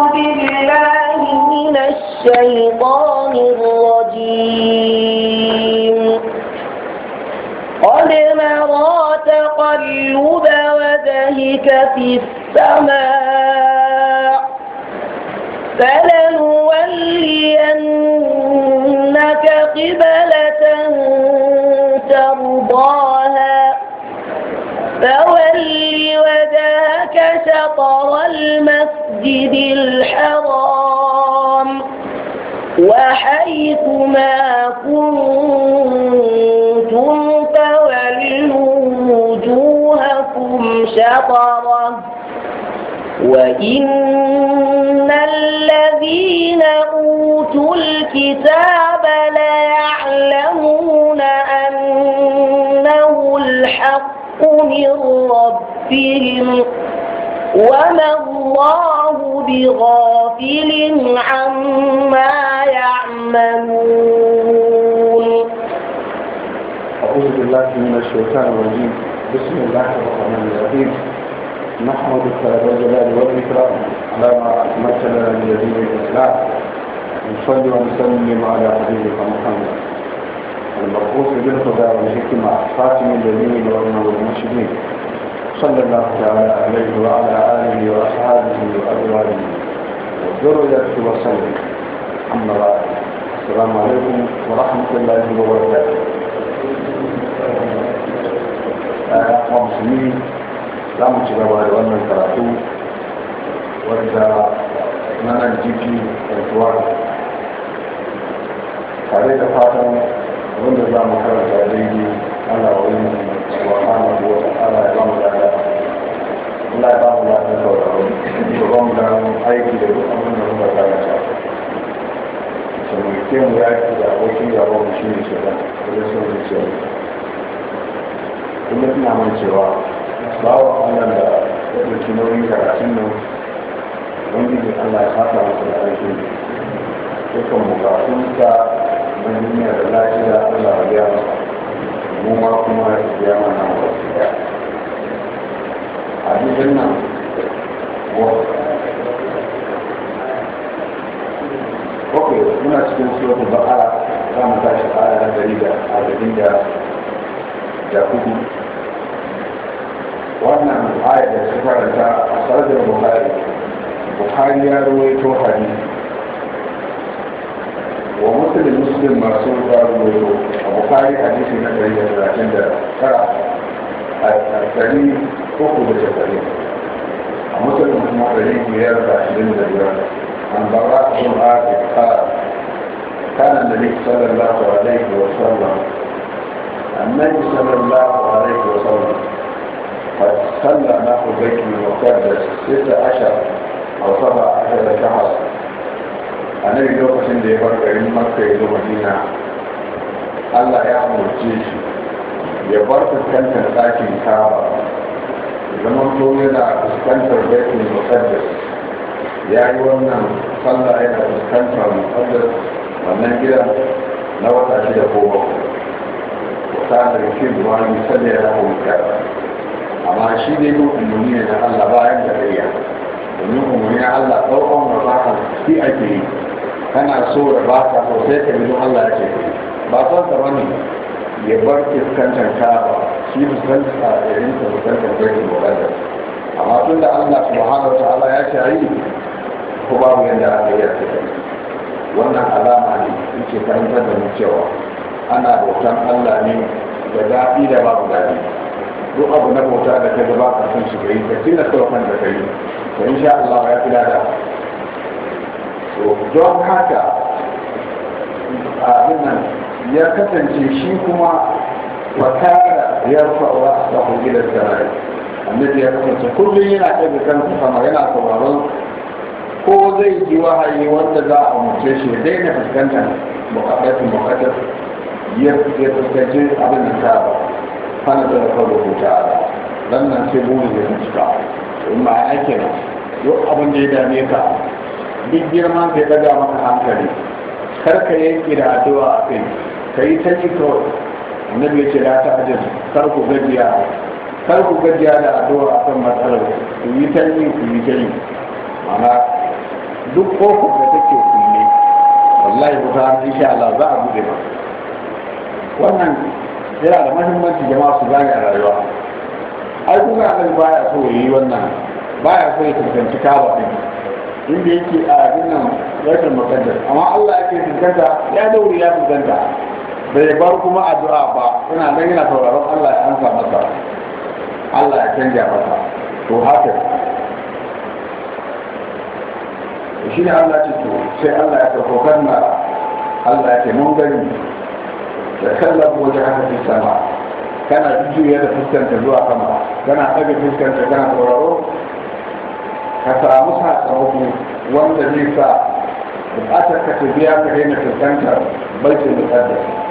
بالله من الشيطان الرجيم قد نرى تقلب وجهك في السماء فلنولينك قبلة ترضاها فولي وَلِيُرِيَكَ شَطْرَ الْمَسْجِدِ الْحَرَامِ وَحَيْثُ مَا كُنتُمْ فَوَلِّوا وُجُوهَكُمْ شَطْرَهُ وَإِنَّ الَّذِينَ أُوتُوا الْكِتَابَ لَيَعْلَمُونَ أَنَّهُ الْحَقُّ من ربهم وما الله بغافل عما يعملون أعوذ بالله من الشيطان الرجيم بسم الله الرحمن الرحيم نحمدك يا الجلال والإكرام على ما أتمتنا من دين الإسلام نصلي ونسلم على حبيبك محمد المبعوث بالهدى والحكمة خاتم الذين والمرشدين صلى الله تعالى عليه وعلى آله وأصحابه وأزواجه وذريته وسلم أما بعد السلام عليكم ورحمة الله وبركاته أخوة مسلمين لا متجاوز وأنا وإذا Allah ba mu lafiya sauraro da ba mu gano aiki da duk abin da muka gane ta saboda ke mu yaki da abokin gaba mu shi ne shaidan wajen son zuciya kuma ina man cewa bawa Allah da ya ɗauki nauyin karatun nan wani ne Allah ya fata masa da aiki ne dukkan bukatun ta na duniya da lafiya Allah ya biya masa mu ma kuma ya biya mana wasu abin nan bakwai muna cikin suratul ba'ara za mu tashi aya na gari da adadin da ya kudu wannan aya da su faranta a sarjar Buhari. Buhari ya to hadisi wa musulun musulun masu ruwa ruwaito a bukari hadisi na gari da talatin da tara السليم حكم السليم مسلم المؤمنين يرفع من الجبال عن براء بن عازب قال كان النبي صلى الله عليه وسلم النبي صلى الله عليه وسلم قد صلى نحو بيت المقدس ست عشر أو سبع عشر شهر النبي لوكس اللي يبقى من مكة إلى مدينة الله يعمل جيشه ya bar fuskantar ɗakin kaba zaman to yana fuskantar baitul muqaddas ya yi wannan sallah yana fuskantar muqaddas wannan gida na wata shida ko bakwai wata da yake zuwa ne sallah ya rahu kaba amma shi ne ko umarni ne na Allah bayan da kariya domin umarni na Allah ɗaukan da baka shi ake yi kana so da baka sosai ka bi don Allah ya ce ba son ta bane ya bar fuskantar ba shi fuskanta a irin ta fuskantar birnin wadanda amma tun da allah subhanahu ta'ala ya ce ayi ko babu yadda aka yi a cikin wannan alama ne ce fahimtar da cewa ana bautan allah ne da daɗi da babu daɗi duk abu na bauta da ka gaba ka san shi yi ka tina sauran da ka yi to sha allah ya fi dada don haka a nan ya kasance shi kuma wakara ya fa'uwa gidan kungiyar sarari annabi ya kasance kullum yana ɗaga kansa sama yana sauraron ko zai ji wahayi wanda za a umarce shi dai na fuskantar buƙatar bukatar ya fuskanci abin da ta hana da rafa da huta dan nan sai buri da ya cika in ma ya ke nan abin da ya dame ka duk girman zai daga maka hankali kar ka da addu'a a kai ta yi ta yi kawai annabi ya ce la ta ajin kar ku gajiya kar ku gajiya da addu'a kan matsalar ku yi ta yi ku yi ta yi amma duk kofar da take kunne wallahi ku ta insha Allah za a bude ba wannan yana da mahimmanci jama'a su gane a rayuwa ai kuma annabi baya so yi wannan baya so ya tantance kaba din inda yake a abin nan rashin makaddar amma Allah yake fuskanta ya daure ya fuskanta bai bar kuma addu'a ba ina nan yana tauraron Allah ya amsa masa Allah ya canja masa to haka shi ne Allah ce to sai Allah ya tafi kanna Allah ya ce mun gani da kallon wajen haka fi sama kana jujjuya da fuskanta zuwa sama kana ɗaga fuskanta kana sauraro ka samu sakamako wanda zai sa bukatar ka ta biya ka daina fuskantar baitul muqaddas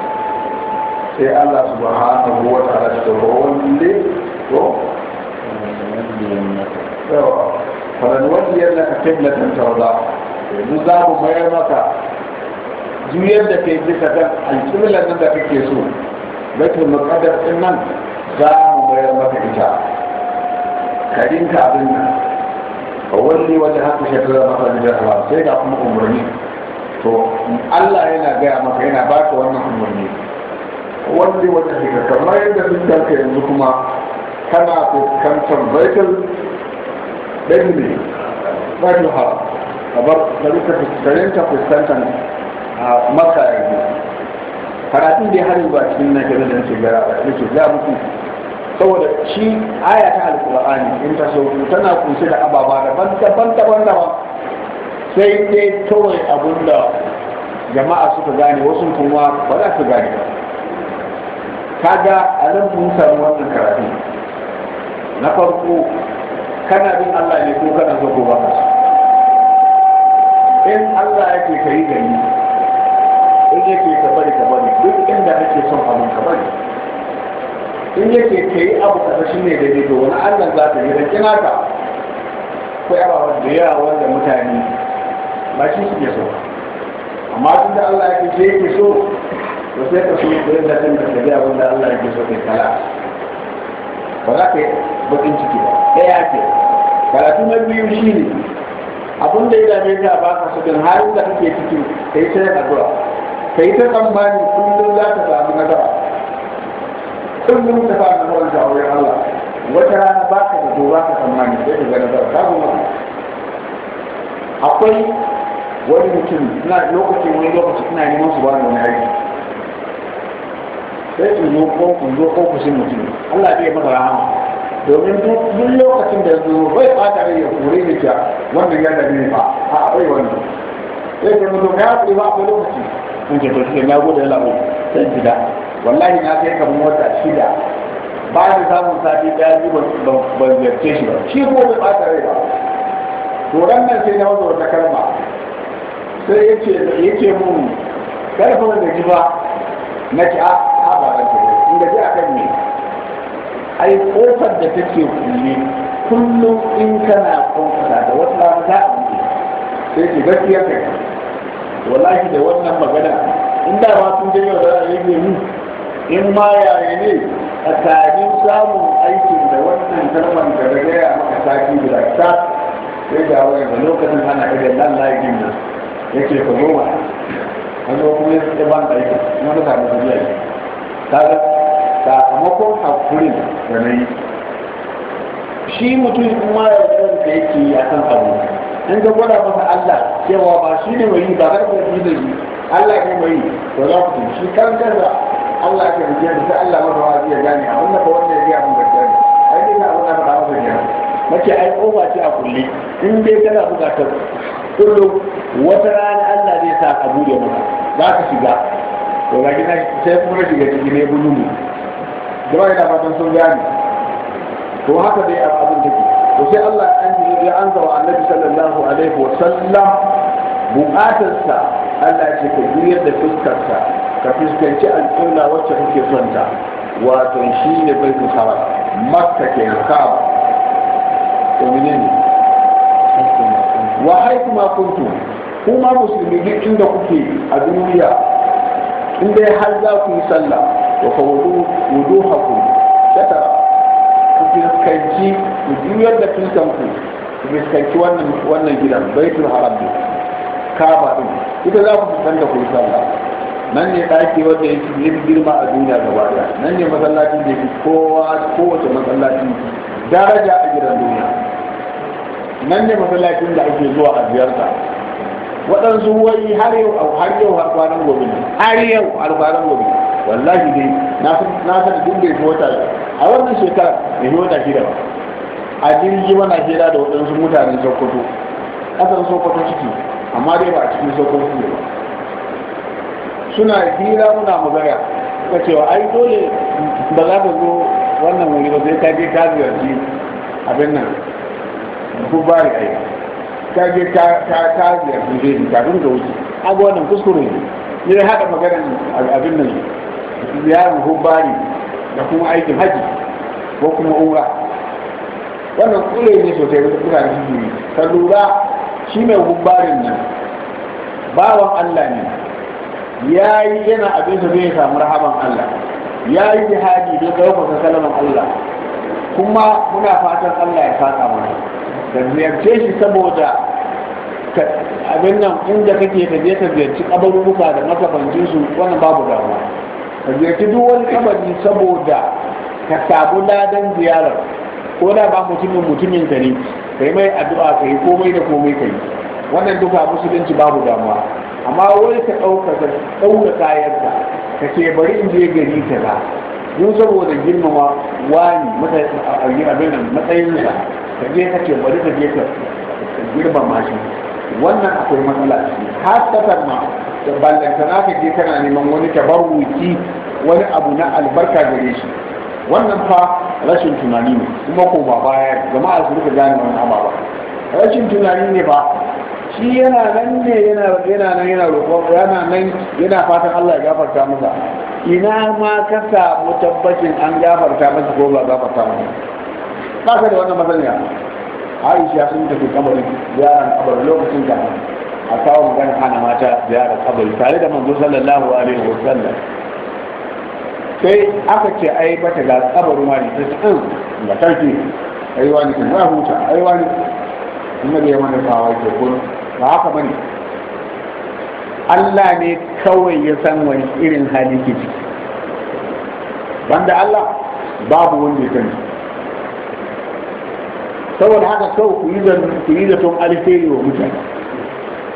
sai Allah subhanahu wa ta'ala shi walle to yawa falan wani yadda ka kiblatan tawza yanzu za mu mayar maka juyar da kai bisa kan alƙiblar nan da kake so baitul muqaddas din nan za mu mayar maka ita karin ka abin nan wani wani haka shekarar maka da jarabar sai ga kuma umarni to Allah yana gaya maka yana ba ka wannan umarni wanda wata shiga kamar yadda dukkanka yanzu kuma kana fuskantar baitul ɗin ne baitul haram kamar da duka fuskantar a maka yanzu karatun da har ba cikin na gaba da nake gara ba nake ga muku saboda shi aya ta alƙur'ani in ta sauku tana kunshe da ababa daban-daban daban-daban sai dai kawai da jama'a suka gane wasu kuma ba za su gane ba kaga a nan mun samu wannan karatu na farko kana bin Allah ne ko kana so ko ba ka in Allah yake kai da ni in yake ka bari ka bari duk inda kake son abin ka bari in yake kai abu ka shi ne daidai to wani Allah za ta yi da kina ka ko yawa da yawa wanda mutane ba shi suke so amma tun da Allah yake sai yake to sai ka kuma koyar da kanka ka ga abin Allah yake so kai kala ba za ka yi bakin ciki ba ɗaya ce. karatu na biyu shi ne abin da ya dame ka ba ka so halin da kake ciki kai sai addu'a kai ta tsammani kullum za ka samu nasara kullum ta samu nasara da auren Allah wata rana ba ka da ba ka tsammani sai ka ga nasara ka kuma akwai wani mutum suna lokacin wani lokaci suna neman su ba da wani aiki sai ku zo ko ku zo ko ku shi mutum Allah zai masa rahama domin duk lokacin da zo bai fata ne ya kore ni ta wanda ya da ne fa a akwai wanda sai ku mutum ya kuri ba akwai lokaci in ce to shi na gode Allah ko sai gida wallahi na kai kamar wata shida ba ni samun sati daya ji ban ce shi ba shi ko bai fata rai ba to ran nan sai na wata wata kalma sai yace yace mun kuma da ji ba na ci a ah, haɓaɓar ta yi inda ji a kan ne ai ƙofar da take kulle kullum in kana ƙofar da wata rana za a buɗe sai ki gaskiya kai wallahi da wannan magana in da ma sun je yau da za a rage mu in ma yaya ne a tsarin samun aikin da wannan kalmar da daga ya maka sati guda ta sai ga wani da lokacin ana irin lallai lagin nan yake ka goma wani kuma ya tsaye ban ɗaki kuma ta samu duniya ne kaga sakamakon hakurin da na yi shi mutum in ma ya san ka yake a kan abu in ka gwada masa Allah cewa ba shi ne mai yi ba kar ka yi da yi. Allah ne mai yi to za ku shi kan da Allah ka rike da sai Allah masa wa zai gane a wannan ba wanda ya ga mun gaskiya ne ai dai na abin da ba masa ne nake ai kofa ce a kulle in dai kana bukatar kullum wata rana ta a bude maka za ka shiga to ga gina sai kuma shiga cikin ne bulu ne da yana fatan sun gani. to haka dai abin take to sai Allah an yi ya anza wa Annabi sallallahu alaihi wa sallam buƙatarsa Allah ya ce ka juyar da fuskarsa ka fuskanci al'umma wacce kake son ta wato shi ne bai kusawa makka ke kaba to menene wa haitu ma kuntum kuma musulmi duk inda kuke a duniya in dai har za ku yi sallah wa fa wudu wudu hakum shatara ku fiskanci ku juyar da fiskanku ku fiskanci wannan wannan gidan baitul haram ne kaba din ita za ku fuskanta ku yi sallah nan ne ɗaki wanda ya fi girma a duniya gaba ɗaya nan ne masallacin da ya fi kowa kowace masallaci daraja a gidan duniya nan ne masallacin da ake zuwa a ziyarta waɗansu wai har yau har yau har kwanan gobe har yau har kwanan gobe wallahi dai na san duk da yake wata a wannan shekara ya yi wata shida ba a jirgi mana hira da waɗansu mutanen sokoto ƙasar sokoto ciki amma dai ba a cikin sokoto ne ba suna hira muna magana suka cewa ai dole ba za ka zo wannan wuri ba sai ka je ka ziyarci abin nan ku bari ai Ta je ta ta ya ziyarci ni ta ka wuce aga wannan kuskure ne ne haɗa maganar abin nan ziyarar hubbari da kuma aikin haji ko kuma umra wannan kule ne sosai wata kuna da shi ka lura shi mai hubbarin nan bawan Allah ne ya yana abin da zai samu rahaman Allah ya yi jihadi don ɗaukaka salaman Allah kuma muna fatan Allah ya saka mana ka ziyarce shi saboda abin nan inda kake ka je ka ziyarci kabaruka da makafancin su wannan babu damuwa ka ziyarci duk wani kabari saboda ka samu ladan ziyarar ko da ba mutumin mutumin ka ne kai mai addu'a ka yi komai da komai ka yi. wannan duka musulunci babu damuwa amma wani ka ɗauka ka ka ce bari in je gari ba mun saboda girmama wani matsayin abin nan matsayinsa ka je ka ce bari ka je ka girmama shi wannan akwai matsala ce har kasar ma da na ka je kana neman wani tabarruki wani abu na albarka gare shi wannan fa rashin tunani ne kuma ko ba baya jama'a su rika gane wannan ababa rashin tunani ne ba shi yana nan ne yana yana nan yana roƙon yana nan yana fatan Allah ya gafarta masa ina ma ka samu tabbacin an gafarta masa ko ba gafarta masa ba ka da wannan masaniya Aisha sun tafi kabarin ziyaran kabarin lokacin da a kawo magana hana mata ziyara kabari tare da manzo sallallahu alaihi wa sallam sai aka ce ai bata ga kabarin wani ta ce in ga sarki ai wani kan huta ai wani kuma da yawan da kawai ke kuma ba haka bane Allah ne kawai ya san wani irin hali ke ciki banda Allah babu wanda ya sani saboda haka kawai ku yi zaton ku yi zaton alheri wa mutane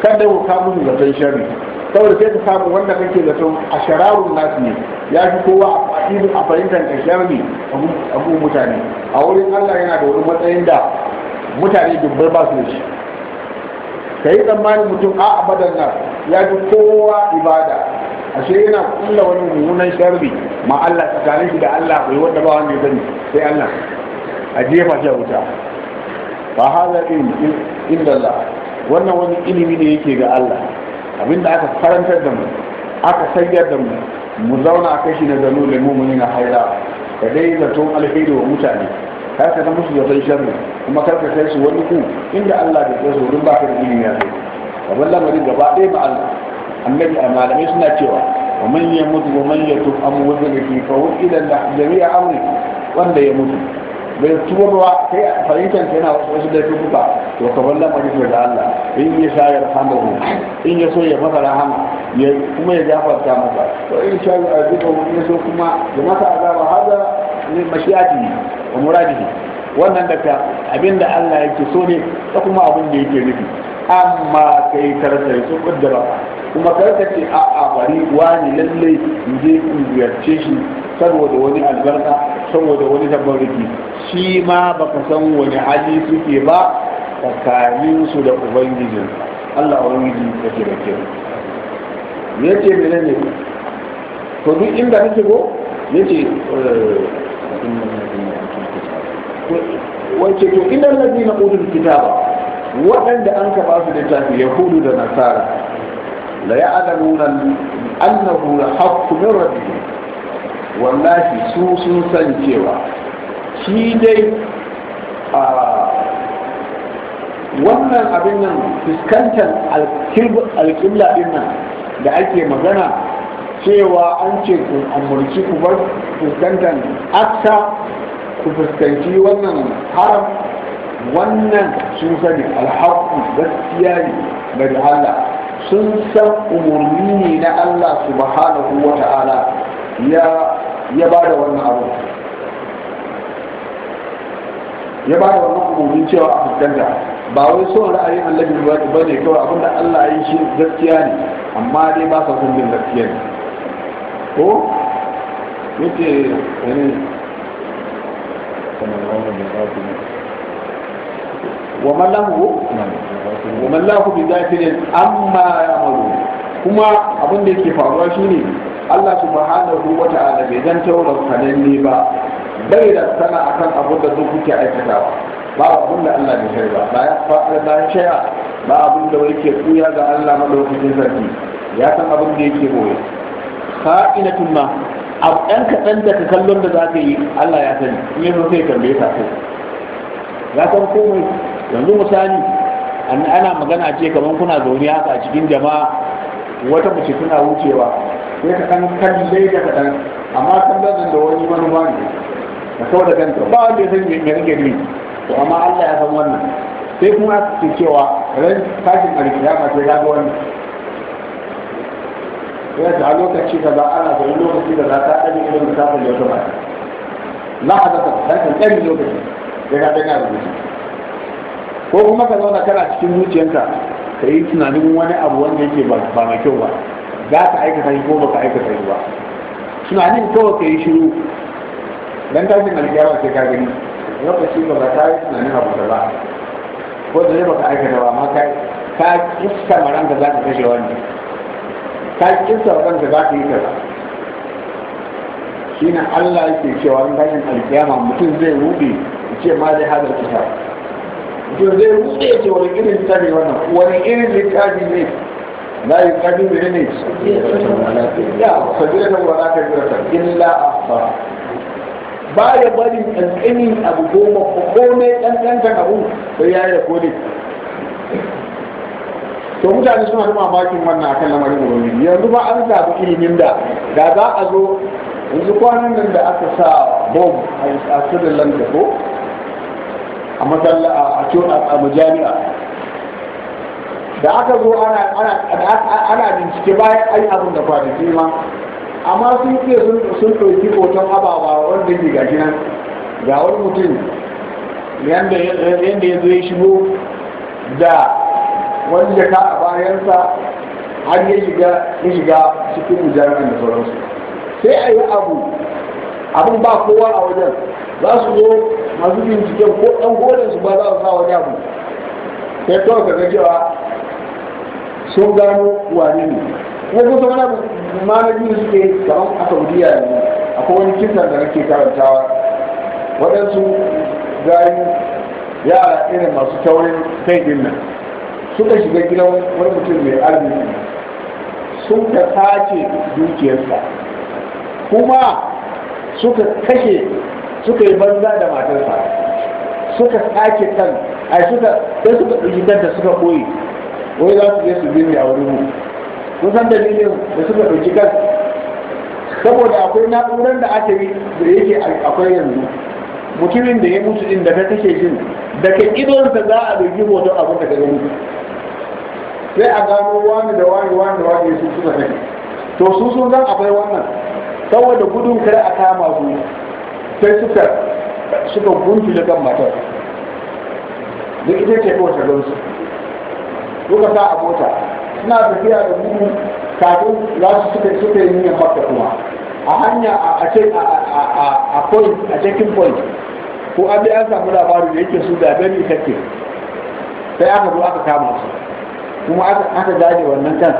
kada ku kamu zaton sharri saboda sai ka samu wanda kake zaton a shararun nasu ne ya fi kowa a fa'idin a fahimtar ka sharri a mutane a wurin Allah yana da wani matsayin da mutane dubbai ba su da shi ka yi tsammanin mutum a abadan nan ya fi kowa ibada ashe yana kulla wani mummunan sharri ma Allah tsakanin shi da Allah bai wanda ba wanda ya sai Allah a jefa shi wuta fa hada in inda Allah wannan wani ilimi ne yake ga Allah abinda aka karantar da mu aka sayar da mu mu zauna a kashi na zanu da na haira ka dai zaton alheri wa mutane kar ka musu zaton sharri kuma kar ka kai su wani ku inda Allah da kai su don baka da ilimi ya a kamar lamarin gaba ɗaya ba Allah annabi a malamai suna cewa wa man ya mutu wa man ya tub an wuzu da ke fa wuki da jami'a amri wanda ya mutu bai tuba ba kai fahimtar kai na wasu da ya ba to kamar lamarin da Allah in ya sa ya rahama in ya so ya masa rahama kuma ya gafarta masa to in sha ya zuba wani so kuma ya masa azaba hada min mashiyati wa muradihi wannan daga abinda Allah yake so ne da kuma abin da yake nufi amma kai karkar su kuddara kuma karka ce a a bari wani lalle in je in ziyarce shi saboda wani albarka saboda wani tabariki shi ma baka san wani hali suke ba tsakanin su da ubangijin Allah ubangiji yake da kyau yace menene to duk inda kake go yace eh, فإن الذين أوتوا الكتاب وجدوا إن الذين أوتوا الكتاب وأن أنك بعض الكتاب يهود ونصارى لا يعلمون أنه الحق من ربهم والله سوس سنجوا shi dai a wannan abin nan fuskantar alƙibla ɗin nan da ake magana cewa an ce ku amurci ku bar fuskantar aksa ku fuskanci wannan haram wannan sun sani alhaku gaskiya ne ga Allah sun san umarni ne na Allah subhanahu wa ta'ala ya ba da wannan abu ya ba da wannan umarni cewa a fuskanta ba wai son ra'ayin annabi ba ne kawai abinda Allah ya yi shi gaskiya ne amma dai ba sa son bin gaskiya ne ko yake yanayi eh, kamar wani mai wa mallahu bi zafirin amma ya malu kuma abin da yake faruwa shine Allah subhanahu wa da bai zan taurar kananne ba bai da sana kan abin da zuku ke aikata ba Ba abin da Allah bai shaiba ba ya faɗa da shaya ba abin da ke kuya ga Allah madaukakin sarki ya san abin da yake boye kha'inatul ma abu ɗan kaɗan da ka kallon da za ka yi Allah ya sani in ya sai tambaye ka kai ya san komai yanzu misali ana magana ce kamar kuna zaune haka a cikin jama'a wata mace tana wucewa sai ka kan kalle da kaɗan amma kallon da wani manuwa ne ka kawo da kanta ba wanda ya san me kake nufi to amma Allah ya san wannan sai kuma su cewa ran kashin alkiyama sai wani. ga wannan yadda a lokaci da za ana da lokaci da za ta ɗari irin misalin da wata mata na a ta harkar ɗari lokaci da ka ɗaga rubutu ko kuma ka zauna kana cikin zuciyarka ka yi tunanin wani abu wanda yake ba mai kyau ba za ka aikata shi ko baka aikata shi ba tunanin kawai ka yi shiru dan tashin alkiyama sai ka gani lokaci ba ba ta yi tunanin abu da ba ko da ne baka aikata ba amma ka iska maranka za ka kashe wani ka kinsa da za ka yi kaza shi ne allah yake cewa in tashin alkiyama mutum zai ya ce ma zai hada kitab mutum zai rube ya ce wani irin ne wannan wani irin littafi ne la yi kadi mene ne ya fajira da ka jira ta illa ahsa ba ya bari kankanin abu goma ko komai kankantan abu sai ya yi da kodin to mutane suna da mamakin wannan akan lamarin ubangiji yanzu ba an zaɓi ilimin da da za a zo yanzu kwanan nan da aka sa bom a asirin london ko a matsala a majami'a da aka zo ana bincike bayan ai abin da kwanaki ma amma sun ke sun ɗauki hoton ababa wanda ke gaji nan ga wani mutum yadda ya zo ya shigo da wani jaka a bayansa har ya shiga ya shiga cikin mujahidin da sauransu sai a yi abu abin ba kowa a wajen za su zo masu binciken ko ɗan gonan su ba za su sa wani abu sai ka ga cewa sun gano wani ne kuma kusa wani abu ma na biyu suke kamar a saudiya yanzu akwai wani kisan da nake karantawa waɗansu gari yara irin masu taurin kai din nan suka shiga gidan wani mutum mai arziki sun sace dukiyarsa kuma suka kashe suka yi banza da matarsa suka sace kan a suka sai suka ɗauki kanta suka ɓoye wai za su je su binne a wurin mu san dalilin da suka ɗauki kan saboda akwai na'urar da aka yi da yake akwai yanzu mutumin da ya mutu din da kashe kake jin daga idonsa za a ɗauki hoton abin da ka ga sai a gano wani da wani wani da wani su suna ne to su sun zan akwai wannan saboda gudun kare a kama su sai suka suka gunki da kan matar da ita ce kowace gansu suka sa a mota suna tafiya da gudu kafin za su suka suka yi niyan makka kuma a hanya a ce a point a checking point ko an bi an samu labarin da yake su da gani kake sai aka zo aka kama su kuma aka dage wannan kan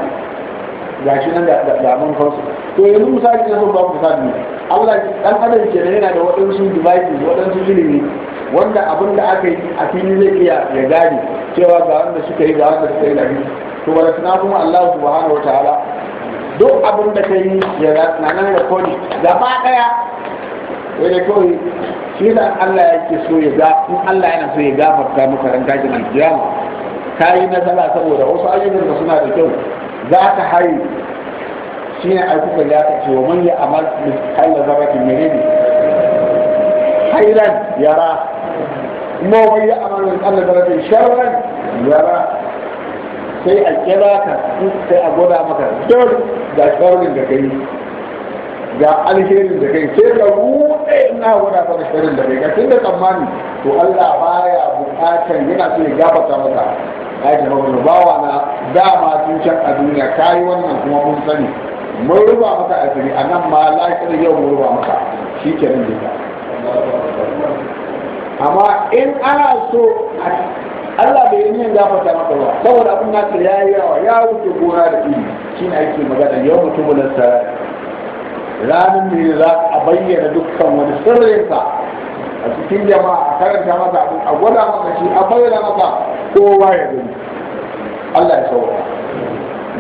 shi nan da abin kansu to yanzu misali kan sun ba ku misali Allah dan adam ke yana da waɗansu devices waɗansu ilimi wanda abin da aka yi a fili zai iya ya gane cewa ga wanda suka yi ga wanda suka yi da to wala tana kuma Allah subhanahu wataala duk abin da kai ya na nan da kodi gaba daya wai da kodi shi da Allah yake so ya ga in Allah yana so ya gafarta maka ran gajin alkiyama ka yi nasara saboda wasu ayyukan ka suna da kyau za ka hari shi ne a kuka ya ta cewa man ya amal misalla zarratin menene hairan yara kuma wani ya amal misalla zarratin sharran yara sai a kira ka sai a gwada maka dole da sharrin da ka yi ga alherin da kai sai ka ruɗe ina wada fa da shirin da kai ka tunda tsammani to Allah baya bukatar yana so ya gabata maka ya ce ba bawa na dama tun can a duniya kayi wannan kuma mun sani mun ruba maka asiri a nan ma lafiyar yau mun ruba maka shi ke nan da amma in ana so Allah bai yi gafata maka ba saboda abin nasa ya yi yawa ya wuce gona da iri shi ne ake magana yau mutum na sarari ranar ne za a bayyana dukkan wani sirrinsa a cikin jama'a a karanta masa abin a gwada masa shi a bayyana masa kowa ya gani Allah ya sauka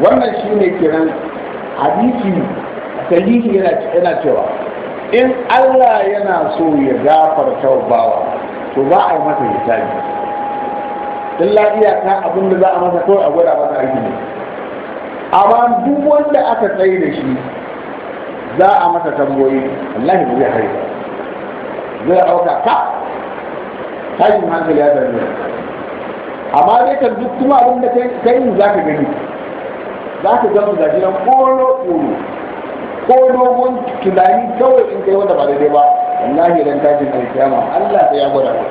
wannan shi ne kiran hadisi sahihi yana cewa in Allah yana so ya gafarta bawa to za a yi masa hisabi in lafiya ta abin da za a masa kawai a gwada masa aiki ne amma duk wanda aka tsaye da shi za a masa tamboyi wallahi ba zai hari zai ɗauka ka yi hankali ya zama amma dai ta duk kuma abin da ta yi za ka gani za ka zama gaji nan kolo kolo ko dogon tunani kawai in kai wanda ba daidai ba wallahi dan tashin alkiyama Allah sai ya gwada ba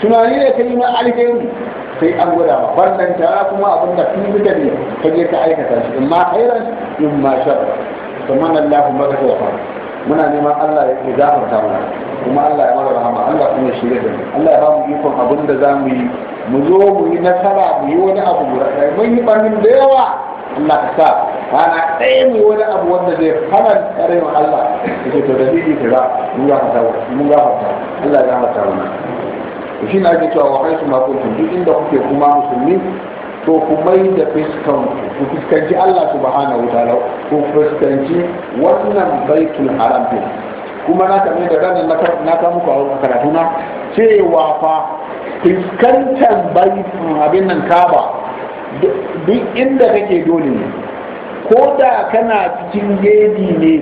tunani ne kai ma alheri sai an gwada ba wannan tara kuma abin da kun ne ka je ka aikata shi in ma khairan in ma sharra kamar Allah kuma ka tawafa muna neman Allah ya gafarta kuma Allah ya mara rahama Allah kuma shirya da mu Allah ya ba mu ikon abin da za mu yi mu zo mu yi nasara mu yi wani abu mu rasa mun yi barnin da yawa Allah ka sa rana ɗaya mu yi wani abu wanda zai hana tsare mu Allah to da zai yi mun gafarta mun gafarta Allah ya gafarta shi ake cewa wa haisu ma kuntum duk inda kuke kuma musulmi to ku mai da fiskan ku fiskanci Allah subhanahu wa ta'ala ku fiskanci wannan baitul haram din kuma na kame da ranar na ka muku a karatu na cewa fa fuskantar baitul abin nan kaba duk inda kake dole ne ko da kana cikin gedi ne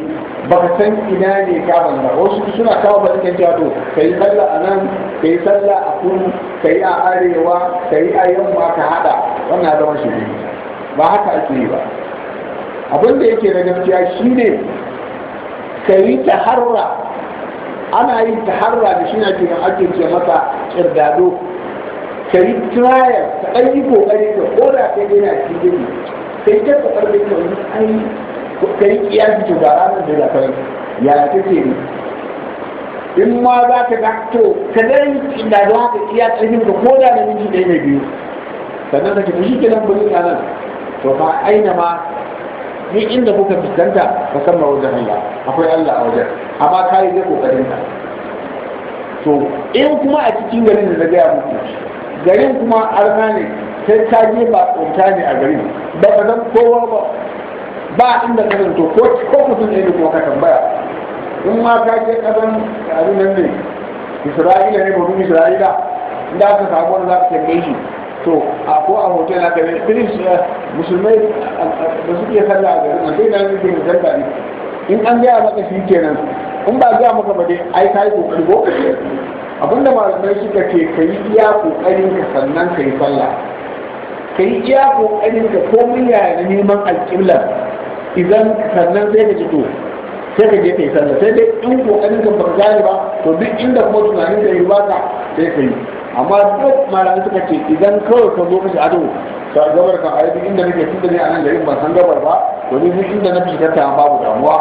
baka san ina ne ka ba wasu suna kawo ba cikin cewa ka yi sallah a nan ka yi sallah a ka yi a arewa ka yi a yamma ka hada wannan ya zama shiri ba haka ake yi ba abin da yake na gaskiya shine ta taharra ana yin taharra da shi na kiran ake ce masa kirdado yi trial ka ɗan yi kokari ka koda kai a cikin sai ta ka ƙarfi ka wani kai kiyasi to da ranar da za ya yi ya kake in ma za ka ga to ka dai inda za ka iya tsarkin ka ko da namiji ɗaya mai biyu sannan ka ce shi kenan bulin a nan to ba aina ma ni inda kuka fuskanta ka san ma wajen Allah akwai Allah a wajen amma ka yi zai kokarin ka to in kuma a cikin garin da na gaya muku garin kuma arna ne sai ka je ba tsota ne a garin ba ka zan kowa ba ba inda ka to ko ko mutum ne ko ka tambaya in ma ka je kasan abin nan ne isra'ila ne mutum isra'ila inda aka samu wani za ka tambaye shi to a ko a hotel aka ne irin eh, musulmai da suke kalla a garin sai na yi ke sallah ne in an gaya maka shi kenan in ba gaya maka ba dai ai kai kokari ko abinda malamai suka ce ka yi iya kokarin ka sannan ka yi sallah ka yi iya kokarin ka komai yaya na neman alƙiblar idan sannan sai ka ji to sai ka je ka yi sai dai in kokarin ka ba gane ba to duk inda kuma tunanin ka yi ba ka sai ka yi amma duk malamin suka ce idan kawai ka zo ka ado ka gabar ka ayi duk inda nake tunda ne a nan garin ban san gabar ba to ni duk inda na fi ta babu damuwa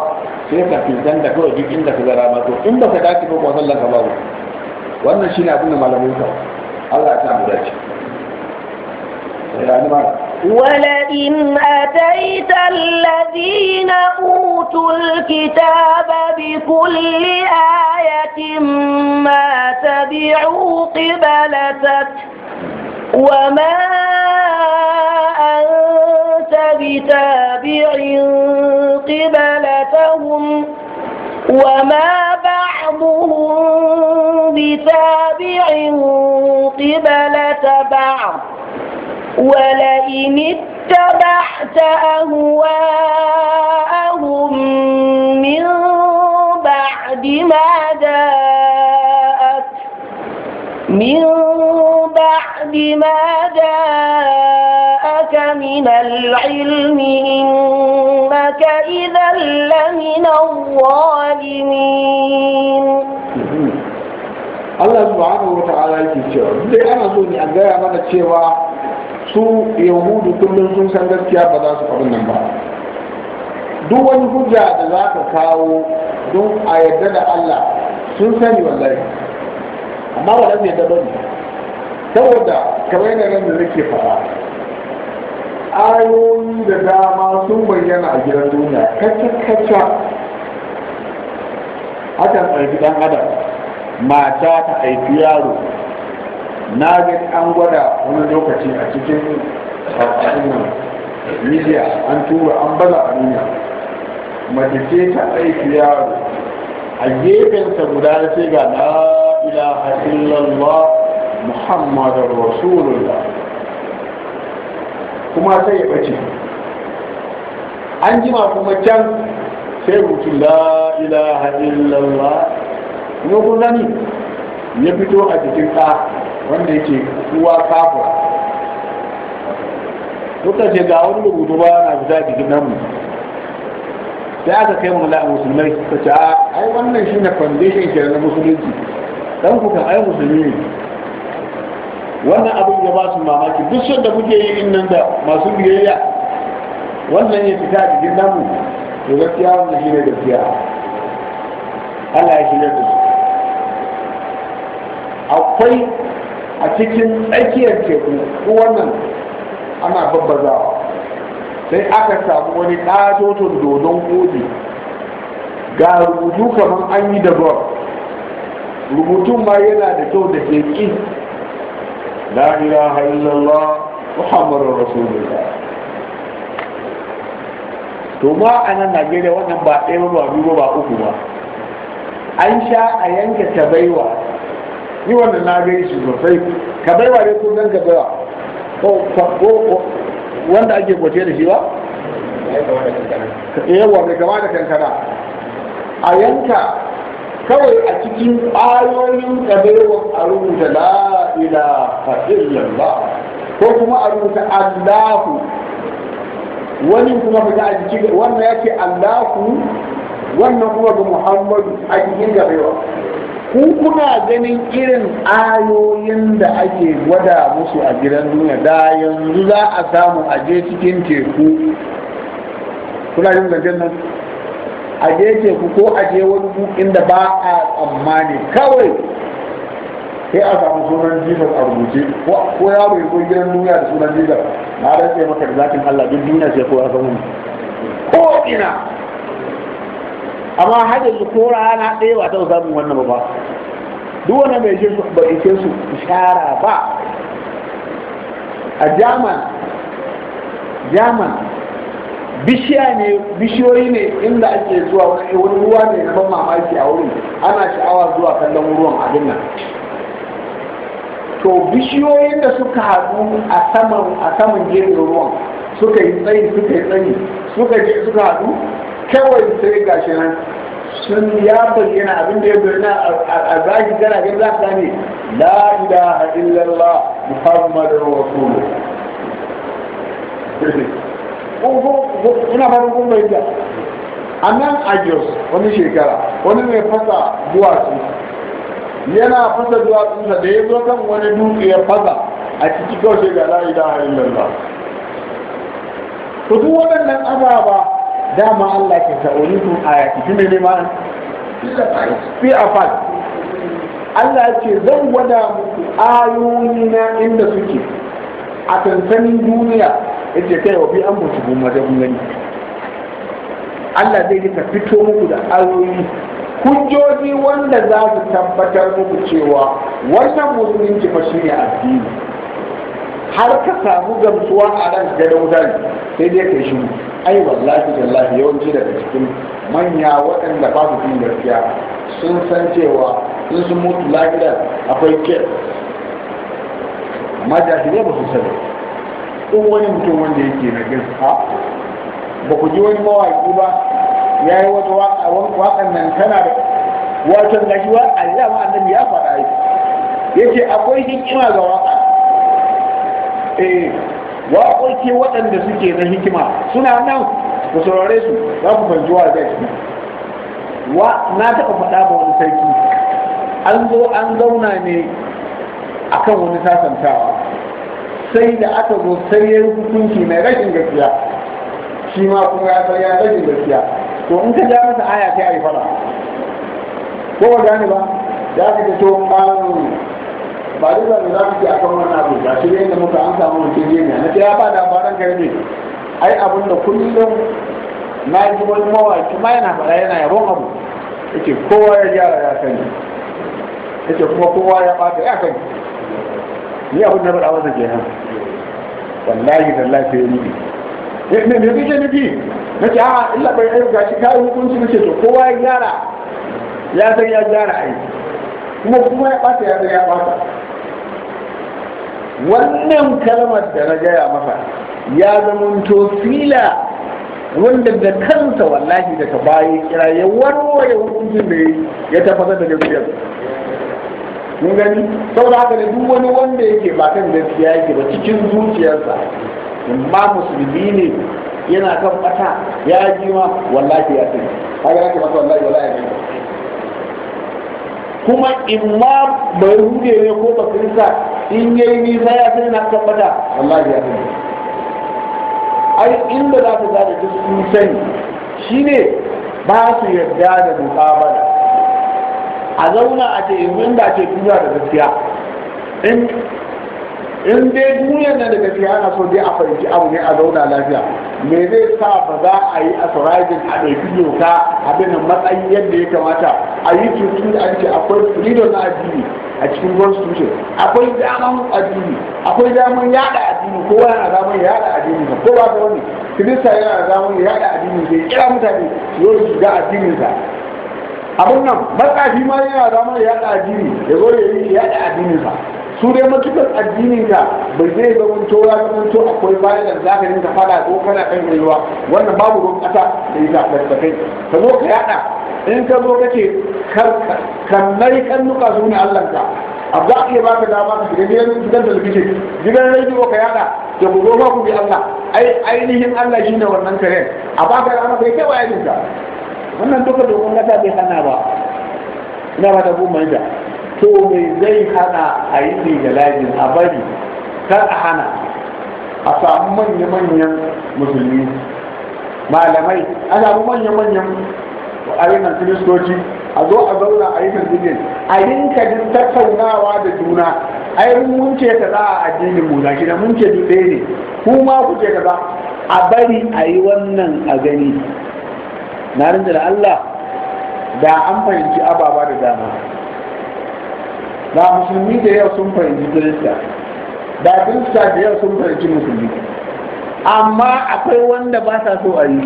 sai ka dan da kawai duk inda ka gara ma to in ba ka dace ba ko sallan ka babu wannan shine abin da malamin ka Allah ya ta mu dace sai ni malam ولئن أتيت الذين أوتوا الكتاب بكل آية ما تبعوا قبلتك وما أنت بتابع قبلتهم وما بعضهم بتابع قبلة بعض ولئن اتبعت أهواءهم من بعد ما جاءك من بعد ما جاءك من العلم إنك إذا لمن الظالمين الله سبحانه وتعالى ta'ala yake أنا أقول لك أنا أقول su yahudu kullum sun san gaskiya ba za su faru nan ba duk wani hujja da za ka kawo don a yarda da Allah sun sani wallahi amma ba yadda ba bane saboda kamar yana nan da nake fara. ayoyi da dama sun bayyana a gidan duniya kacce-kacce hakan ɗauki gidan adam mata ta haifi yaro na ga an gwada wani lokaci a cikin abin nan media an tura an baza a nuna mace ta aiki yaro a gefensa guda ya ce ga la ilaha illallah muhammadar rasulullah kuma sai ya bace an jima kuma can sai rubutu la ilaha illallah ne kun zani ya fito a jikin ɗa wanda yake uwa kafin suka ce ga wani rubutu ba na fita jikin namu mu sai aka kai mu la'a musulmai Ta ce a ah, ai wannan shi shine foundation ke na musulunci dan ku kan ai musulmi ne wannan abin ya ba su mamaki duk sanda kuke yi in nan da masu biyayya wannan ya fita jikin nan mu to gaskiya wannan da gaskiya Allah ya shirya da su akwai a cikin tsakiyar teku wannan ana babbazawa sai aka samu wani ƙatoton dodon kodi ga rubutu kamar an yi da rubutun ma yana da kyau da teƙi la ilaha illallah muhammadun rasulullah to ma a nan najeriya wannan ba ɗaya ba biyu ba uku ba an sha a yanke tabaiwa ni wannan na gani shi sosai ka bai wa dai kun ka da ko wanda ake kwace da shi ba yawa eh, mai kama da kankana a yanka kawai a cikin ayoyin kabewa a rubuta la ilaha illallah ko kuma a rubuta allahu wani kuma fita a jikin wannan ya ce allahu wannan kuma ga muhammadu a cikin kabewa ku kuna ganin irin ayoyin da ake gwada musu a gidan duniya da yanzu za a samu a je cikin teku kuna yin zancen nan a je teku ko a je wani inda ba a tsammani kawai sai a samu sunan jizar a rubuce ko ya bai ko gidan duniya da sunan jizar na rantse maka da zakin allah duk duniya sai ko ya samu ko ina amma hajjar ko rana ɗaya ba ta samun wannan ba duk wani mai je su ba ike su shara ba a jaman jaman bishiya ne bishiyoyi ne inda ake zuwa wani ruwa ne na ban mamaki a wurin ana sha'awa zuwa kallon ruwan abin nan to bishiyoyin da suka haɗu a saman a saman gefen ruwan suka yi tsayi suka yi tsayi suka je suka haɗu kawai sai gashi nan sun ya bayyana abin da ya bayyana a zaki gana gani za ka ne la ilaha illallah muhammadur rasul ina kuma kun bayyana a nan ajiyos wani shekara wani mai fasa duwatsu yana fasa su da ya zo kan wani dutse ya fasa a ciki kawai ga la ilaha illallah ku duk waɗannan ababa dama Allah ke sa'uri sun aya shi mai ma fi fad Allah ce zan gwada muku ayoyi na inda suke a tantanin duniya yace kai wa bi an mutu goma da gani Allah zai rika fito muku da ayoyi hujjoji wanda za su tabbatar muku cewa wannan musulunci fa shi ne addini har ka samu gamsuwa a ran da daudan sai dai ka kai shiru ai wallahi wallahi yawanci daga cikin manya waɗanda ba su cikin gaskiya sun san cewa sun sun mutu lafiya akwai ke amma ne ba su sani in wani mutum wanda yake na gaskiya ba ku ji wani mawaƙi ba ya yi wata waƙan nan tana da wacan gashi wa Allah ma annabi ya faɗa yake yace akwai hikima ga waƙa eh Wa waƙoƙi waɗanda suke na hikima suna nan ku saurare su za ku banji wa zai wa na taɓa faɗa ba wani sarki an zo an zauna ne akan wani sasantawa sai da aka zo sai ya hukunci mai rashin gaskiya shi ma kuma ya sai ya rashin gaskiya to in ka ja masa aya sai a fara ko ba gane ba ya ka to ƙarin ba duk da za mu ce akan wannan abu ga shi ne da muka an samu mutum ne na ce ya ba labaran gare ne ai abin da kullum na ji wani mawaki ma yana faɗa yana yabon abu yake kowa ya gyara ya sani yake kuma kowa ya ɓata ya sani ni abin da wasa ke nan. wallahi da lafiya ne ne me kake Na ce a illa bai ai gashi kai hukunci nace to kowa ya gyara ya san ya gyara ai kuma kuma ya ɓata ya san ya ɓata wannan kalmar da na gaya masa ya zamanto fila wanda da kansa wallahi daga baya kira ya warware hukuncin da ya tafasa da gaskiyar mun gani saboda haka da duk wani wanda yake ba kan gaskiya yake ba cikin zuciyarsa in ba musulmi ne yana kan bata ya ji ma wallahi ya tafi haka yake masa wallahi wallahi ya kuma in ma bai rude ne ko ba kirista in yayi nisa ya sai na tabbata wallahi ya san ai inda za ka gane duk sun sani shine ba su yarda da muqabala a zauna a ce yanzu inda ce da gaskiya in in dai duniyar na daga cikin ana so dai a fahimci abu ne a zauna lafiya me zai sa ba za a yi a surajin a ɗauki doka abin matsayin yadda ya kamata a yi tutu da ake akwai freedom na addini a cikin constitution akwai daman addini akwai daman yada addini wani yana daman yada addini ko ba ta wani kirista yana daman yada addini ya kira mutane yau su ga addininsa abin nan matsafi ma yana daman yada addini ya zo ya yi yada addininsa su dai matukar addinin ka bai zai zama to ya zama to akwai bayan da zaka dinka fada ko kana kan ruwa. wannan babu ruwan kasa da ita da kai ka zo ka yada in ka zo kace kan nuka su ne Allah ka abda ba ka dama ka shiga gidan da talabijin gidan rediyo ka yada da ku zo ku bi Allah ai ainihin Allah shine wannan karen a baka dama bai kai wayin ka wannan duka dokon kasa bai hana ba ina ba da goma to me zai hana a yi legalizing a bari kar a hana a samu manya-manyan musulmi malamai a samu manya-manyan ayyukan kiristoci a zo a zauna a yi kanzilin a yi din tattaunawa da juna ai mun ce ka za a addinin mu gashi da mun ce duk ɗaya ne kuma ku ce ka za a bari a yi wannan a gani na rinjar Allah da an fahimci ababa da dama da musulmi da yau sun fahimci kirista da kirista da yau sun fahimci musulmi amma akwai wanda ba sa so a yi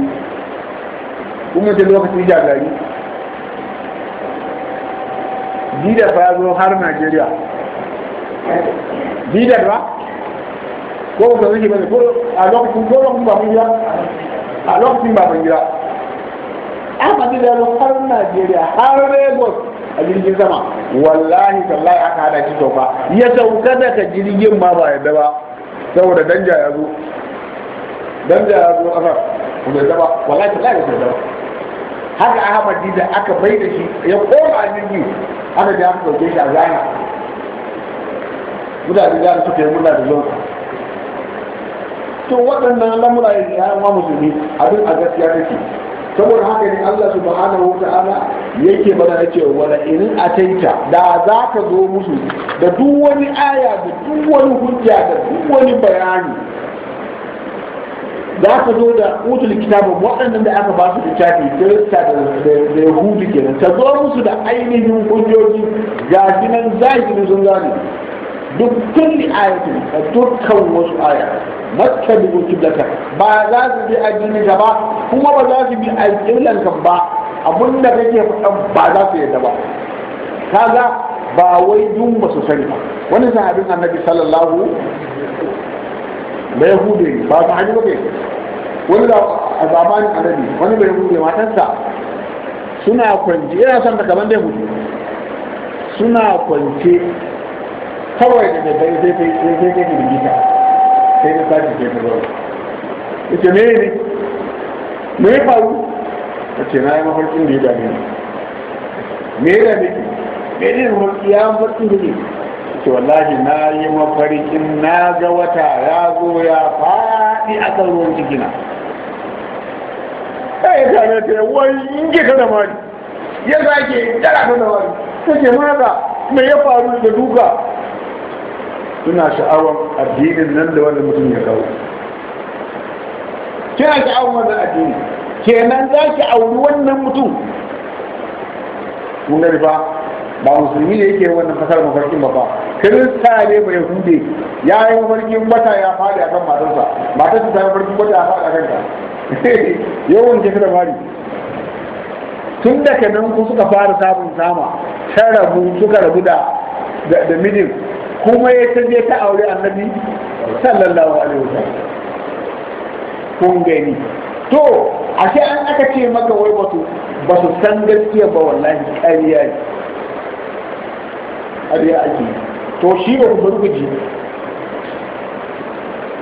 kuma ta lokacin jagari bidar ba ya zo har najeriya bidar ba ko ba zai bane ko a lokacin ko lokacin ba mun a lokacin ba mun gida a matsayin har najeriya har lagos a jirgin sama wallahi tallahi aka hada shi fa, ya sauka daga jirgin ma ba yadda ba saboda danja ya zo danja ya zo kuma bai ba wallahi tallahi bai ba haka ahmad dida aka bai da shi ya koma a jirgin aka ji aka dauke shi a zana mutane za su kai murna da lokacin to waɗannan lamura ya yi ma musulmi abin a gaskiya take saboda haka ne Allah subhanahu ta'ala yake bada na cewa wala in ataita da za ka zo musu da duk wani aya da duk wani hujja da duk wani bayani za ka zo da utul kitabu waɗannan da aka ba su littafi kirista da yahudu kenan ka zo musu da ainihin hujjoji ga shi nan zahiri sun gane duk kulli ayatin da dukkan wasu aya makka bi kiblaka ba za su bi addini da ba kuma ba za su bi addinin kan ba abinda da kake faɗan ba za su yadda ba kaga ba wai dun ba su sani ba wani sahabin annabi sallallahu bai hude ba ta hanyar ba wani da a zamanin annabi wani bai hude matarsa suna kwance yana son ta kamar dai mutu suna kwance kawai da daddare sai kai sai sai sai rigita sai ta tashi sai ta zauna ita me ne me ya faru A ce na yi mafarkin da ya dame ni me ya dame ki me ne mafarki ya mafarkin da ke ce wallahi na yi mafarkin na ga wata ya zo ya faɗi a kan ruwan cikina kai ta ne ta wai in ke ta da ya yadda ake dara ta da mari ta ce mata me ya faru da duka suna sha'awar addinin nan da wanda mutum ya kawo kina sha'awar wannan addini kenan za ki auri wannan mutum mun gari ba ba musulmi ne yake wannan kasar mafarkin ba ba kirista ne mai hude ya yi mafarkin wata ya fada akan matarsa matarsa ta yi mafarkin wata ya fada kanka yawan ke da mari tun da kanan ku suka fara sabon sama ta rabu suka rabu da da mijin kuma ya ta ta aure annabi sallallahu alaihi wasallam kun gani to ashe an aka ce maka wai wato ba su san gaskiya ba wallahi ƙarya ne ƙarya ake to shi ba ku ji.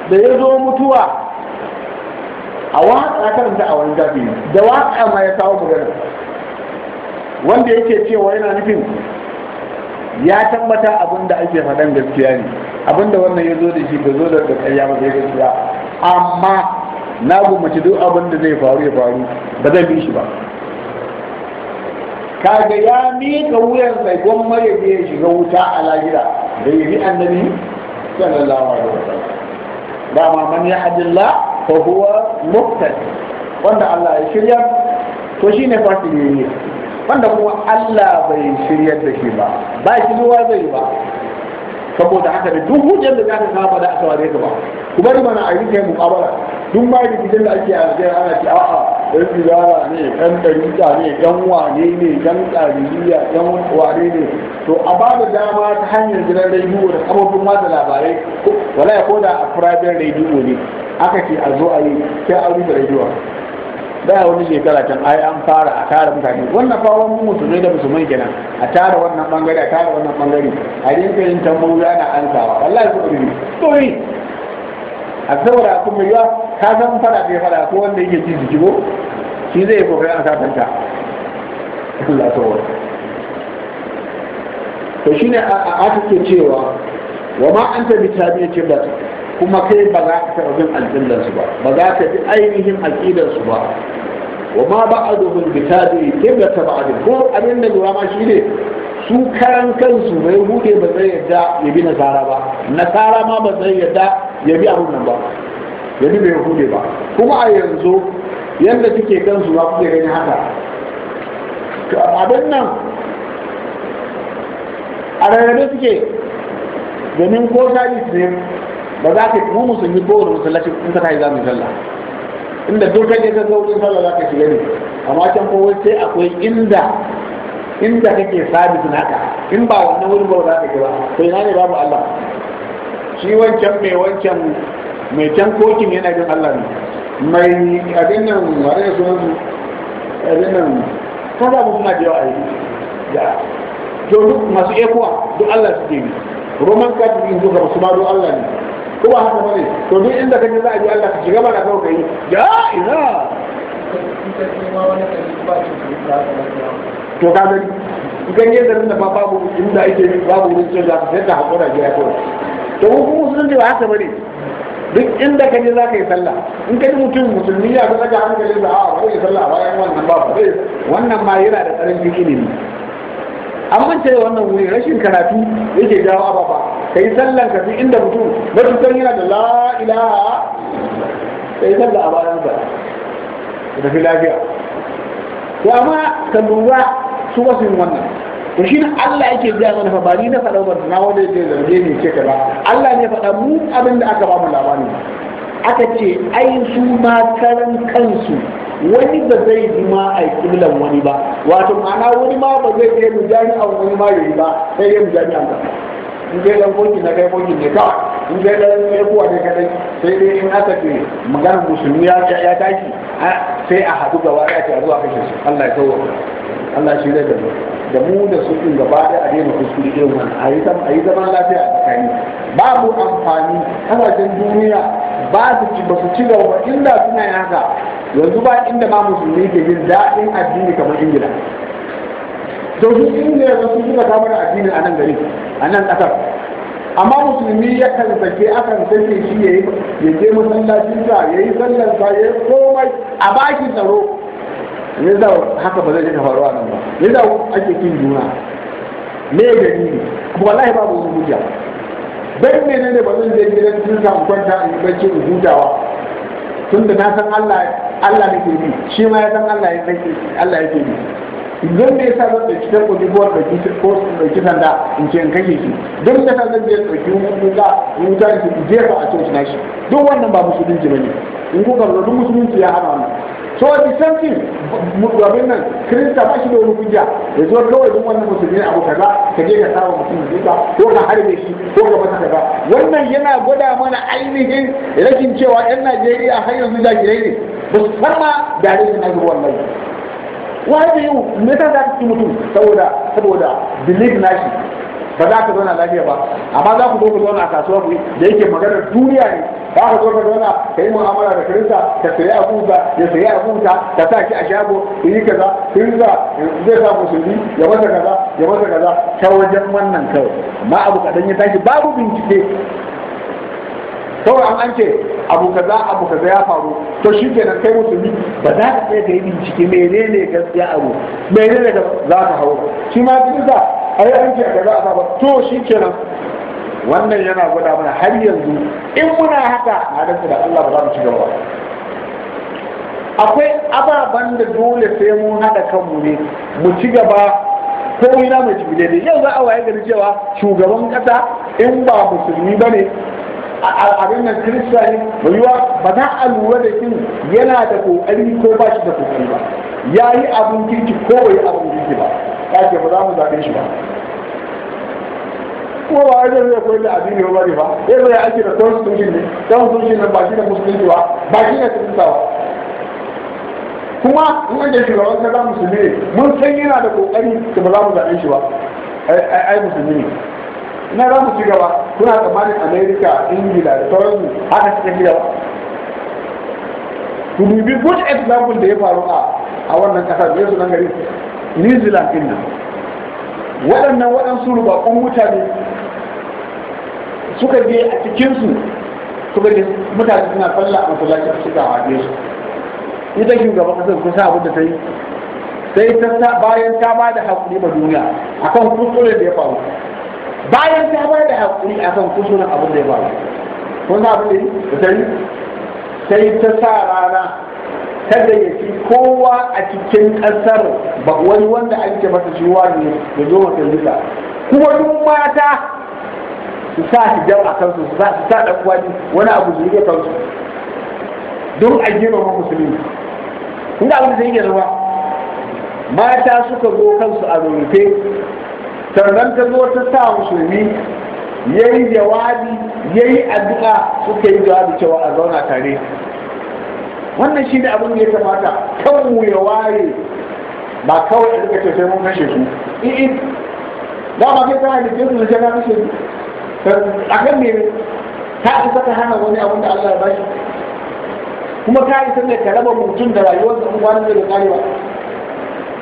da ya zo mutuwa a waƙa karanta a wani zafi da waƙa ma ya kawo magana wanda yake cewa yana nufin ya tabbata abinda ake faɗan gaskiya ne abin da wannan ya zo da shi ba zo da ƙarya ba zai gaskiya amma na gumaci duk abin da zai faru ya faru ba zai bi shi ba kaga ya miƙa sai gwamma ya ya shiga wuta a lahira da ya bi annabi sallallahu alaihi wasallam dama man yahdillah fa huwa muqtadi wanda Allah ya shirya to shine fasiri ne wanda kuma Allah bai shirya da shi ba ba shi zuwa zai ba saboda haka da duk hujjar da za ka kama da aka ware ka ba ku bari mana a yi kai mukabara duk ma da kidan da ake a Najeriya ana ce a'a ɗan tsirara ne ɗan ɗarita ne ɗan wane ne ɗan ƙariliya ɗan wane ne to a ba da dama ta hanyar gidan rediyo da kafofin watsa labarai wala ya koda a private rediyo ne aka ce a zo a yi sai a rufe rediyo da wani shekara can ai an fara a tara mutane wannan fawon mu musulmai da musulmai kenan a tara wannan bangare a tara wannan bangare a rinka yin tambayoyi ana ansawa wallahi ku ne to yi a saboda mai yawa ka san fara bai fara ko wanda yake ji jiki ko shi zai kokari a satanta Allah to wa to shine a aka ke cewa wa ma anta bi tabi'ati ta. kuma kai ba za ka taɓa bin aljillansu ba ba za ka bi ainihin aƙidarsu ba wa ma ba'aduhum bi tabi'i qibla ba'd ko abin da lura ma shine su karan kansu bai hude ba zai yadda ya bi nasara ba nasara ma ba zai yadda ya bi abin nan ba ya bi bai hude ba kuma a yanzu yadda suke kansu ba kuke gani haka abin nan a rarrabe suke domin ko sabis ne ba za ka mu musulmi ko wani musallaci in ka yi za mu sallah inda duk kake ka zo wurin sallah za ka shiga ne amma can ko sai akwai inda inda kake sabitin haka in ba wannan wurin ba za ka ga ba to ina ne babu Allah shi wancan mai wancan mai can kokin yana jin Allah ne mai abin nan wani ne sunan su abin nan za mu suna da yawa a yi to duk masu ekuwa duk Allah su ke yi. roman in suka ba su ma duk Allah ne ko ba haka bane to duk inda za a Allah ka shiga mana kawai kai ya ina to ka gani idan da babu inda ake babu wurin cin hakura ya to haka bane duk inda za ka yi sallah in ka ji mutum musulmi ya ga daga hankali da a ba sallah bayan wannan ba wannan ma yana da tsarin ilimi an mance da wannan wuri rashin karatu yake jawo ababa yi sallan ka fi inda mutum mutum yana da la ilaha sai sallah a bayan sa da tafi lafiya to amma ka lura su wasu wannan to shi ne Allah yake gaya mana fa ba ni na faɗa ba na wanda yake zarge ni ce ba? Allah ne faɗa mu abin da aka ba mu labari aka ce ai su ma karan kansu wani da zai yi ma a kiblan wani ba wato ma'ana wani ma ba zai je mu jami'an wani ma yi ba sai yi mujani a in kai dan na kai boki ne kawai in dai dan ne ko ne kadai sai dai in aka ce maganar musulmi ya ya tashi sai a haɗu gaba ya ce a zuwa kashe su Allah ya kawo Allah shi zai da mu. da mu da su din gaba da a daina kuskure irin wannan Ayi yi a zaman lafiya a tsakani babu amfani kasashen duniya ba su ci ba su ci gaba inda suna yin haka yanzu ba inda ma musulmi ke jin daɗin addini kamar ingila to su ingila yanzu su suka kamar addini a nan gari a nan ƙasar amma musulmi yakan sake akan sake shi yi ya je masallacin sa ya yi sallar sa yi komai a baki tsaro ne da haka ba zai faru faruwa nan ba ne da ake kin juna me gani ne kuma wallahi babu wani hujja bai ne ne ba zan je gidan sun samu kwanta in bacci in hutawa tunda na san Allah Allah ke bi shi ma ya san Allah ya Allah ke bi zan me yasa zan ɗauki ta kuɗi ko ɗauki ko ɗauki sanda in ce in kashe shi don me yasa zan je ɗauki wuta da in jefa a cikin nashi. shi wannan ba musulunci ba ne in kuka lura duk musulunci ya hana wannan so a cikin cin abin nan kirista ba shi da wani hujja ya zo kawai don wannan musulmi abu kaza ka je ka samu mutum duka ko ka harbe shi ko ka masa kaza wannan yana gwada mana ainihin rashin cewa yan najeriya har yanzu jajirai ne ba su farma da rashin haihuwar nan wai da yau me yasa za ka ci mutum saboda saboda nashi ba za ka zauna lafiya ba amma za ku zo ku zauna a kasuwa ku da yake maganar duniya ne za ka zo ka zauna ka yi mu'amala da kirista ka sayi abu ba ya sayi abu ta ka sa ki a shago ku yi kaza kirista zai sa musulmi ya masa kaza ya masa kaza ta wajen wannan kawai amma abu kaɗan ya tashi babu bincike kawai an ce abu kaza abu kaza ya faru to shi kenan kai musulmi ba za ka iya kai bincike menene gaskiya abu menene da za ka hau. shi ma duk da yi an ce kaza a ba to shi kenan wannan yana gwada mana har yanzu in muna haka na da da Allah ba za mu ci gaba ba akwai ababen da dole sai mun haɗa kanmu ne mu ci gaba ko ina mai ci daidai yau za a waye gani cewa shugaban ƙasa in ba musulmi ba ne abin nan kirista ne yiwa ba za a da shi yana da kokari ko ba shi da kokari ba ya yi abin kirki ko bai abin kirki ba ya ce ba za mu zaɓe shi ba ko ba wajen zai koyar da addini ba ne ba ya zai ake da constitution ne constitution ne ba shi da musulunci ba ba shi da kirista ba kuma in an da shugaban kasa musulmi ne mun san yana da kokari da ba za mu zaɓe shi ba ai musulmi ne na za mu ci gaba suna tsammanin america ingila da sauransu haka suka gida ba to dubi good example da ya faru a a wannan kasar da su nan gari new zealand din nan waɗannan waɗansu rubakon mutane suka je a cikinsu suka je mutane suna falla a masallaci suka haɗe su ita shugaban kasar kusa abin da ta yi sai ta bayan ta ba da haƙuri ma duniya akan kuskure da ya faru bayan ta ba da haƙuri a kan kusurin abin da ya ba kun sa abin da yi sai ta sa rana ta gayyaci kowa a cikin ƙasar ba wani wanda an ake masa ciwa ne ya zo mata duka kuma duk mata su sa shi jan a kansu su sa ɗan kwani wani abu su rike kansu don a girmama musulmi kun ga abin da ta yi mata suka zo kansu a rufe sannan ta zo ta sa musulmi ya yi jawabi ya yi addu'a suka yi jawabi cewa a zauna tare wannan shi ne abin da ya kamata kanmu ya ware ba kawai a rikace sai mun kashe su in eh, eh. dama kai da ke su da shaka kashe su a kan ne ta isa saka hana wani abin da Allah ya bashi kuma ta yi ne ka raba mutum da rayuwar da in kwanan zai da karewa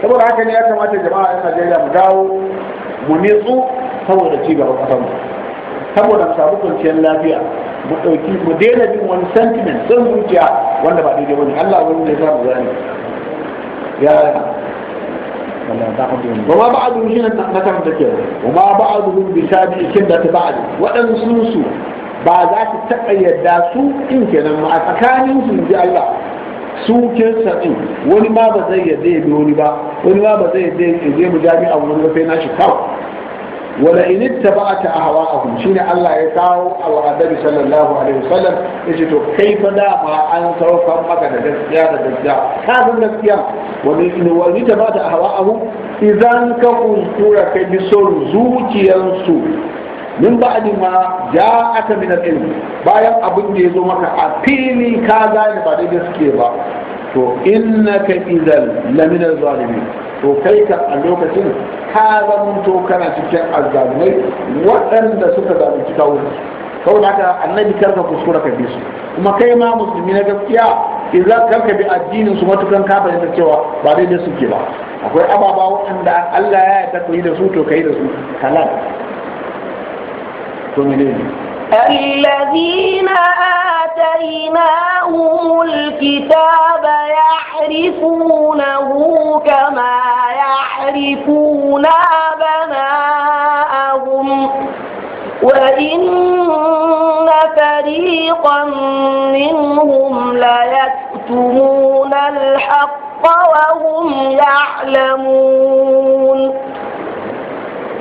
saboda haka ne ya kamata jama'a yan najeriya mu dawo mu nitsu saboda ci gaban ƙasarmu saboda mu samu kwanciyar lafiya mu ɗauki mu daina bin wani sentiment don zuciya wanda ba daidai bane Allah wani ne za mu gane ya وما بعضهم هنا نكم ذكر وما بعضهم بسابع كبة بعض وأن سنسو بعد ذلك تقيد داسو إن كان مع تكاني سنجي الله su kirista din wani ma ba zai yadda ya bi wani ba wani ma ba zai yadda ya je mu jami abu wani ba sai na shi kawai wala in ittaba'ata ahwa'ahum shine Allah ya kawo wa Annabi sallallahu alaihi wasallam yace to kai fa da ma an saukar maka da gaskiya da gaskiya ka san gaskiya wani in wani ittaba'ata ahwa'ahum idan ka kunkura kai bi son zuciyarsu min ba'di ma aka min al bayan abin da yazo maka a fili ka gane ba dai suke ba to innaka idan la min al-zalimin to kai ka a lokacin ka to kana cikin azzalumai waɗanda suka zalunci kawo saboda haka annabi karka kuskura ka bi su kuma kai ma musulmi na gaskiya idan karka bi addinin su matukan ka fahimta cewa ba daidai suke ba akwai ababa waɗanda Allah ya yarda ka yi da su to ka yi da su halal الذين آتيناهم الكتاب يعرفونه كما يعرفون أبناءهم وإن فريقا منهم ليكتمون الحق وهم يعلمون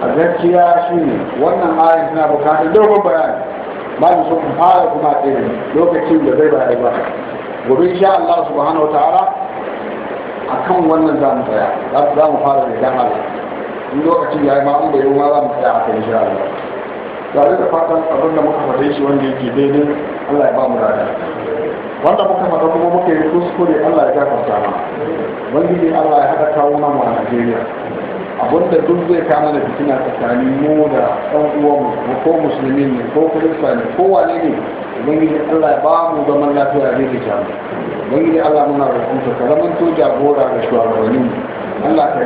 a gaskiya shi ne wannan ayin suna bukatar dogon bayani ba da sun fara kuma irin lokacin da zai bayar ba gobe insha Allah subhanahu ta'ala akan wannan za mu tsaya za mu fara da dan Allah in lokacin ya yi an bai ma za mu tsaya kan insha Allah tare da fatan abin da muka faɗe shi wanda yake daidai Allah ya ba mu rada wanda muka faɗa kuma muka yi kuskure Allah ya gafarta mana wanda Allah ya haɗa kawo nan a Najeriya abinda duk zai kama da fitina tsakanin mu da ɗan uwanmu ko musulmi ne ko kirista ne ko wane ne ubangiji allah ya ba mu zaman lafiya ne da jami'a ubangiji allah muna roƙonsa ka to jagora ga shugabannin allah ka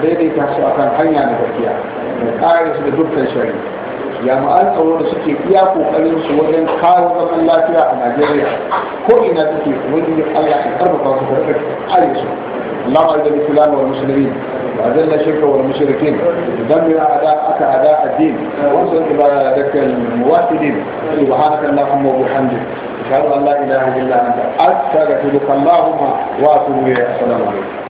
daidaita su akan hanya da gaskiya da ƙare da dukkan shari'a jami'an tsaro da suke iya kokarin su wajen kawo zaman lafiya a najeriya ko ina suke wani allah ya karfafa su da ƙarfi su اللهم اعز الاسلام والمسلمين واذل الشرك والمشركين ودمر اعداءك اعداء الدين وانصر عبادك الموحدين سبحانك اللهم وبحمدك اشهد ان لا اله الا انت استغفرك اللهم واتوب اليك السلام عليكم